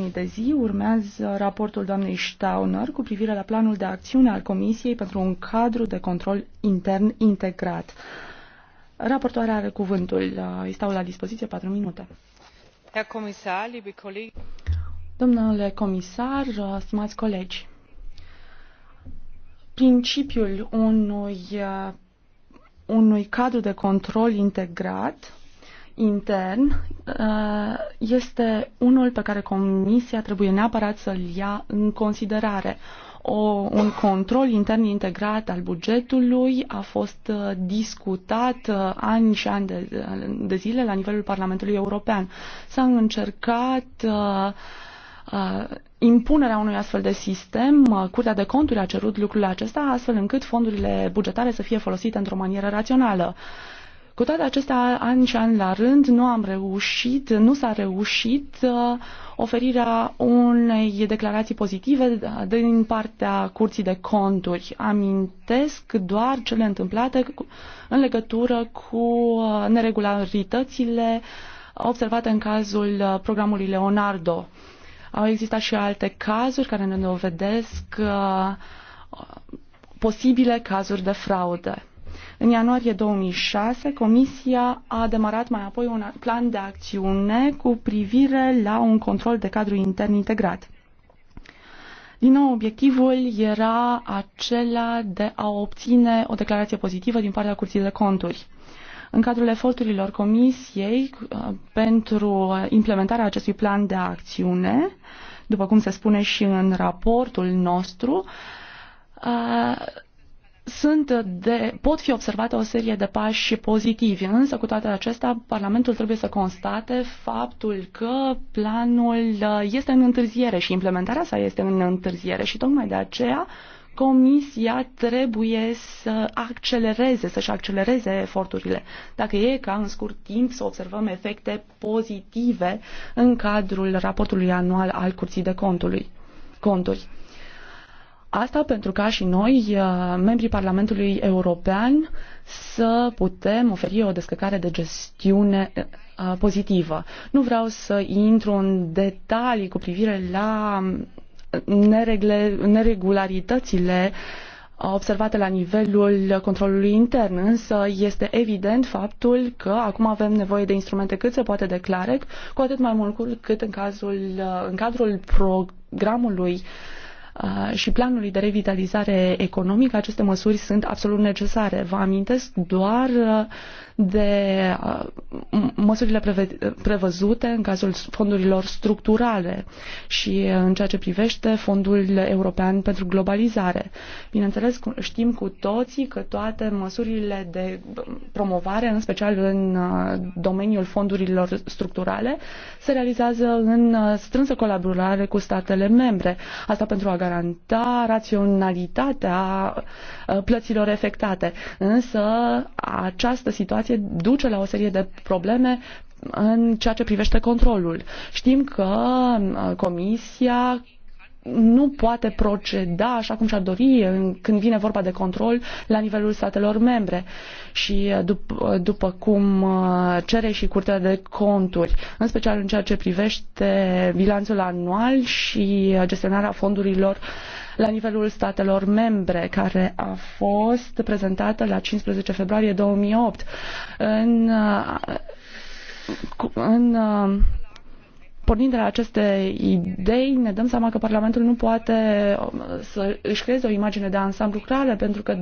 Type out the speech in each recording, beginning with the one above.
ordinii de zi urmează raportul doamnei Stauner cu privire la planul de acțiune al Comisiei pentru un cadru de control intern integrat. Raportoarea are cuvântul. Îi stau la dispoziție patru minute. Herr Comisar, liebe colegi... Domnule comisar, stimați colegi, principiul unui, unui cadru de control integrat intern uh, este unul pe care Comisia trebuie neapărat să-l ia în considerare. O, un control intern integrat al bugetului a fost uh, discutat uh, ani și ani de, de zile la nivelul Parlamentului European. S-a încercat impunerea unui astfel de sistem, Curtea de Conturi a cerut lucrul acesta astfel încât fondurile bugetare să fie folosite într-o manieră rațională. Cu toate acestea, ani și ani la rând, nu am reușit, nu s-a reușit uh, oferirea unei declarații pozitive uh, din partea Curții de Conturi. Amintesc doar cele întâmplate în legătură cu uh, neregularitățile observate în cazul programului Leonardo. Au existat și alte cazuri care ne dovedesc posibile cazuri de fraude. În ianuarie 2006, Comisia a demarat mai apoi un plan de acțiune cu privire la un control de cadru intern integrat. Din nou, obiectivul era acela de a obține o declarație pozitivă din partea Curții de Conturi. În cadrul eforturilor Comisiei uh, pentru implementarea acestui plan de acțiune, după cum se spune și în raportul nostru, uh, sunt de, pot fi observate o serie de pași pozitivi, însă cu toate acestea Parlamentul trebuie să constate faptul că planul uh, este în întârziere și implementarea sa este în întârziere și tocmai de aceea Comisia trebuie să accelereze, să-și accelereze eforturile, dacă e ca în scurt timp să observăm efecte pozitive în cadrul raportului anual al Curții de contului, Conturi. Asta pentru ca și noi, uh, membrii Parlamentului European, să putem oferi o descărcare de gestiune uh, uh, pozitivă. Nu vreau să intru în detalii cu privire la neregularitățile observate la nivelul controlului intern, însă este evident faptul că acum avem nevoie de instrumente cât se poate declare, cu atât mai mult cât în, cazul, în cadrul programului uh, Ah, și planului de revitalizare economică, aceste măsuri sunt absolut necesare. Vă amintesc doar ah, de ah, măsurile prevăzute în cazul fondurilor structurale și în ceea ce privește fondul european pentru globalizare. Bineînțeles, știm cu toții că toate măsurile de mm, promovare, în special în domeniul fondurilor structurale, se realizează în strânsă colaborare cu statele membre. Asta pentru a garanta raționalitatea uh, plăților efectate. Însă această situație duce la o serie de probleme în ceea ce privește controlul. Știm că uh, Comisia nu poate proceda așa cum și-ar dori uh, când vine vorba de control la nivelul statelor membre și uh, dup- uh, după cum cere și Curtea de Conturi, în special în ceea ce privește bilanțul anual și gestionarea fondurilor la nivelul statelor membre, care a fost prezentată la 15 februarie 2008. În, în pornind de la aceste idei, ne dăm seama că Parlamentul nu poate um, să își creeze o imagine de ansamblu clară, pentru că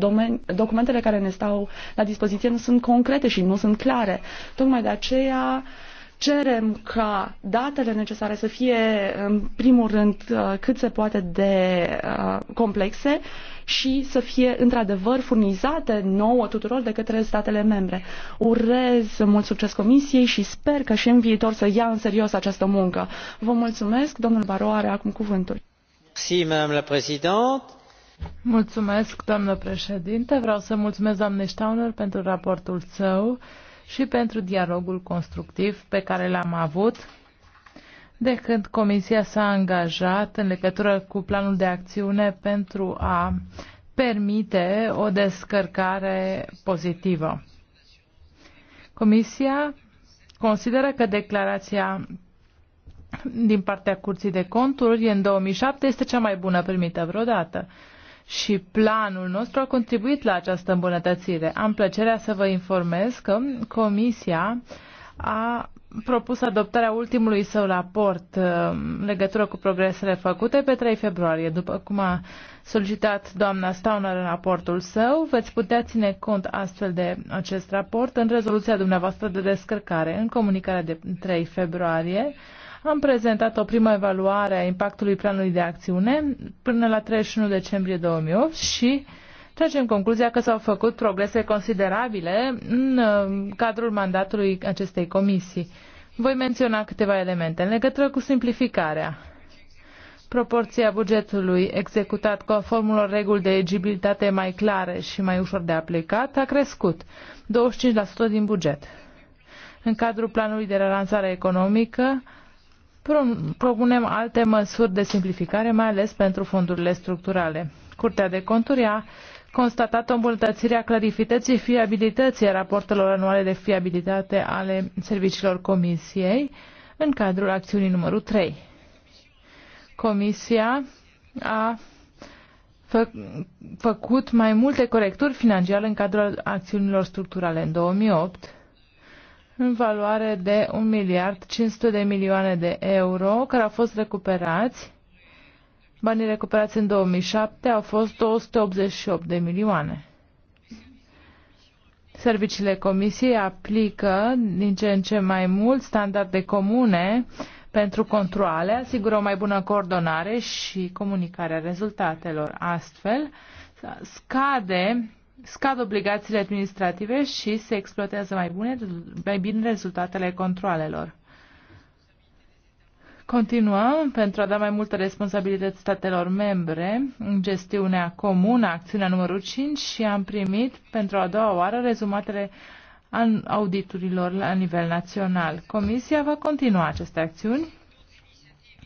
documentele care ne stau la dispoziție nu sunt concrete și nu sunt clare. Tocmai de aceea uh, Cerem ca datele necesare să fie, în primul rând, uh, cât se poate de uh, complexe și să fie, într-adevăr, furnizate nouă tuturor de către statele membre. Urez mult succes Comisiei și sper că și în viitor să ia în serios această muncă. Vă mulțumesc. Domnul Baro are acum cuvântul. Mulțumesc, doamnă președinte. Vreau să mulțumesc doamnei Stauner pentru raportul său și pentru dialogul constructiv pe care l-am avut de când Comisia s-a angajat în legătură cu planul de acțiune pentru a permite o descărcare pozitivă. Comisia consideră că declarația din partea Curții de Conturi în 2007 este cea mai bună primită vreodată și planul nostru a contribuit la această îmbunătățire. Am plăcerea să vă informez că Comisia a propus adoptarea ultimului său raport uh, în legătură cu progresele făcute pe 3 februarie. După cum a solicitat doamna Stauner în raportul său, veți putea ține cont astfel de acest raport în rezoluția dumneavoastră de descărcare, în comunicarea de 3 februarie. Am prezentat o primă evaluare a impactului planului de acțiune până la 31 decembrie 2008 și tragem concluzia că s-au făcut progrese considerabile în uh, cadrul mandatului acestei comisii. Voi menționa câteva elemente în legătură cu simplificarea. Proporția bugetului executat conform unor reguli de eligibilitate mai clare și mai ușor de aplicat a crescut 25% din buget. În cadrul planului de relansare economică, propunem alte măsuri de simplificare, mai ales pentru fondurile structurale. Curtea de conturi a constatat o îmbunătățire a clarificății fiabilității raportelor anuale de fiabilitate ale serviciilor Comisiei în cadrul acțiunii numărul 3. Comisia a fă, făcut mai multe corecturi financiare în cadrul acțiunilor structurale în 2008 în valoare de 1 miliard 500 de milioane de euro care au fost recuperați. Banii recuperați în 2007 au fost 288 de milioane. Serviciile Comisiei aplică din ce în ce mai mult standarde comune pentru controle, asigură o mai bună coordonare și comunicarea rezultatelor. Astfel, scade scad obligațiile administrative și se exploatează mai, bune, mai bine rezultatele controalelor. Continuăm pentru a da mai multă responsabilități statelor membre în gestiunea comună, acțiunea numărul 5 și am primit pentru a doua oară rezumatele auditurilor la nivel național. Comisia va continua aceste acțiuni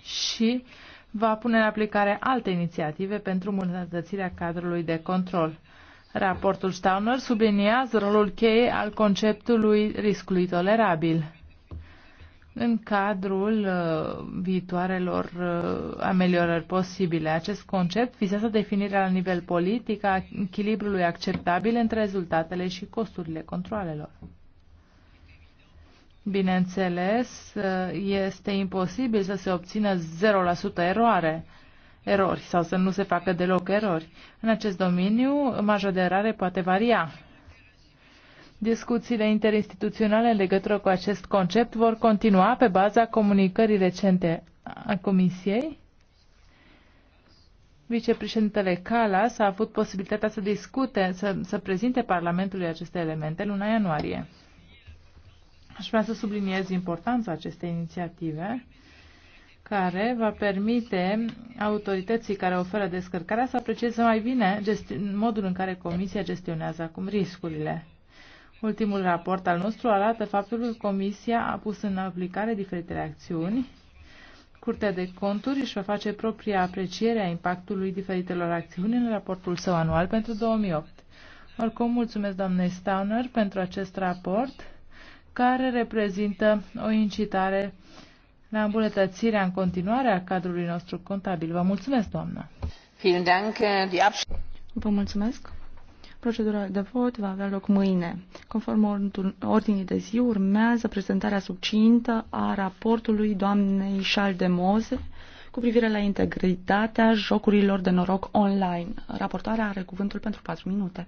și va pune în aplicare alte inițiative pentru îmbunătățirea cadrului de control. Raportul Stauner subliniază rolul cheie al conceptului riscului tolerabil în cadrul uh, viitoarelor uh, ameliorări posibile. Acest concept vizează definirea la nivel politic a echilibrului acceptabil între rezultatele și costurile controlelor. Bineînțeles, uh, este imposibil să se obțină 0% eroare erori sau să nu se facă deloc erori. În acest domeniu, marja de erare poate varia. Discuțiile interinstituționale în legătură cu acest concept vor continua pe baza comunicării recente a Comisiei. Vicepreședintele Calas a avut posibilitatea să discute, să, să prezinte Parlamentului aceste elemente luna ianuarie. Aș vrea să subliniez importanța acestei inițiative care va permite autorității care oferă descărcarea să aprecieze mai bine modul în care Comisia gestionează acum riscurile. Ultimul raport al nostru arată faptul că Comisia a pus în aplicare diferite acțiuni. Curtea de conturi își va face propria apreciere a impactului diferitelor acțiuni în raportul său anual pentru 2008. Oricum, mulțumesc doamnei Stauner pentru acest raport, care reprezintă o incitare uh, la îmbunătățirea în continuare a cadrului nostru contabil. Vă mulțumesc, doamnă! Äh, Vă mulțumesc! Procedura de vot va avea loc mâine. Conform ordinii de zi, urmează prezentarea subcintă a raportului doamnei Șaldemoze cu privire la integritatea jocurilor de noroc online. Raportarea are cuvântul pentru 4 minute.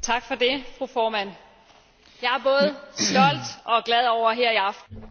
Tak for det, fru formand mândră er både stolt og am over her i aften